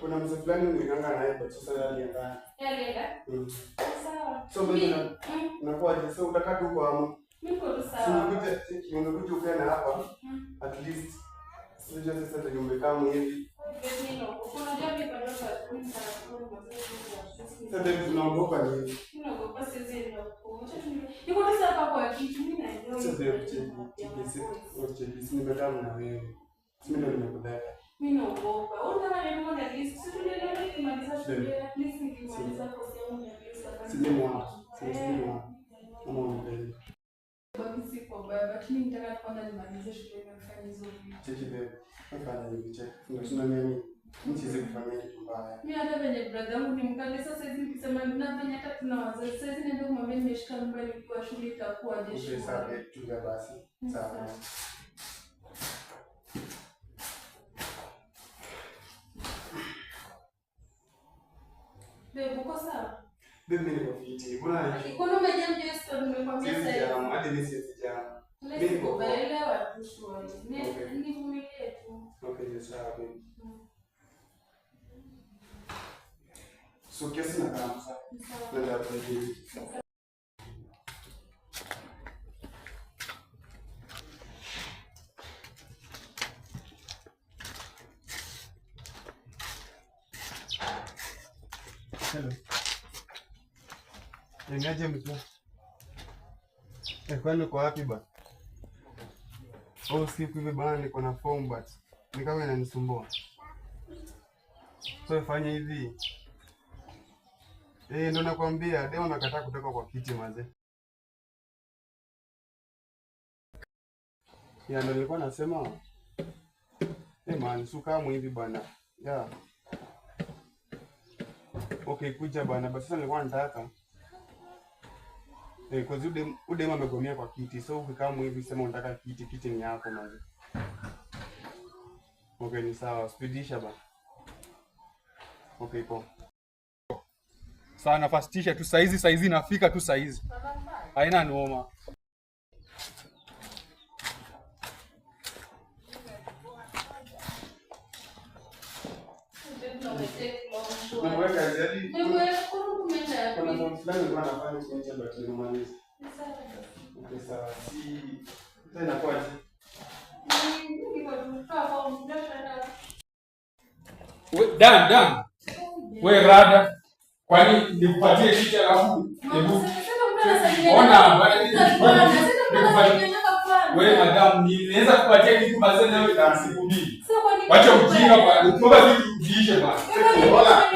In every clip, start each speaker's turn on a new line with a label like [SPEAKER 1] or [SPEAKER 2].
[SPEAKER 1] kuna mzee fulani umekanga naye kwa sasa alienda.
[SPEAKER 2] Alienda. Mm. Sawa.
[SPEAKER 1] So mimi mm. je, so utakaa tu kwa hamu.
[SPEAKER 2] Niko sawa.
[SPEAKER 1] So unakuja unakuja ukae na hapa. Mm. At least sio sasa ndio umekamu hivi. Sasa tunaogopa nini?
[SPEAKER 2] Tunaogopa sisi ndio. Niko sasa hapa kwa kitu mimi
[SPEAKER 1] na ndio. Sasa ndio. Nimekutana na wewe. Mimi ndio nimekudaka
[SPEAKER 2] mimi naogopa. Unataka nini mmoja at si tunaelewa kumaliza shule at least nikimaliza kosi yangu
[SPEAKER 1] ya pesa. Sijamuona. Sijamuona. Kama unaelewa.
[SPEAKER 2] Baki siko baba, lakini nitaka kwanza nimalize shule na kufanya hizo vitu.
[SPEAKER 1] Cheche bebe. Hapana hivi cheche. Tunasema nini? Nchi zikufanyia kitu mbaya.
[SPEAKER 2] Mimi hata venye brother yangu ni mkali sasa hivi nikisema mna venye hata tuna wazazi. Sasa hivi ndio kumwambia nimeshika mimba nikiwa shule itakuwa jeshi.
[SPEAKER 1] Sasa tu basi. Mm, sawa.
[SPEAKER 2] Bebe, uko sawa?
[SPEAKER 1] Bebe, niko fiti. Mbona
[SPEAKER 2] hivi? Kwa nini umeja mjesto nimekwambia
[SPEAKER 1] sasa hivi? Jamu, hadi mimi siwezi jamu.
[SPEAKER 2] Mimi niko baelewa tu shwari. Nivumilie
[SPEAKER 1] tu. Okay, sawa bebe. Mm. So kiasi na kama sasa. Ndio hapo hivi. Hello. Yangaje mtu? Kwani uko wapi bwana? Oh, siku hivi bwana niko na form but ni kama inanisumbua. So fanya hivi. Eh, ndo nakwambia leo nakataa kutoka kwa kiti mazee. Ya ndo nilikuwa nasema. Eh, man, suka hivi bwana. Yeah. Okay, kuja bwana. Basi sasa nilikuwa nataka eh, kwa zile udema amegomea kwa kiti. So ukikaa hivi sema unataka kiti, kiti ni yako manzi. Okay, ni sawa. Spidisha ba. Okay, poa. Sana fastisha tu saizi, saizi nafika tu saizi. Haina noma. Dan, We rada. Kwani nikupatie kiti alafu hebu ona ninaweza kupatia kitu leo na siku mbili. Wacha ujinga vitu ujiishe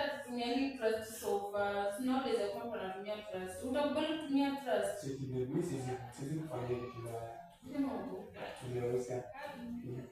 [SPEAKER 2] hata kutumia hii trust so far. Sina pesa kwa kwa natumia trust. Utakubali kutumia trust? Sisi mimi sisi sisi kufanya kitu kibaya. Ndio